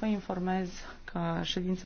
Vă informez că ședința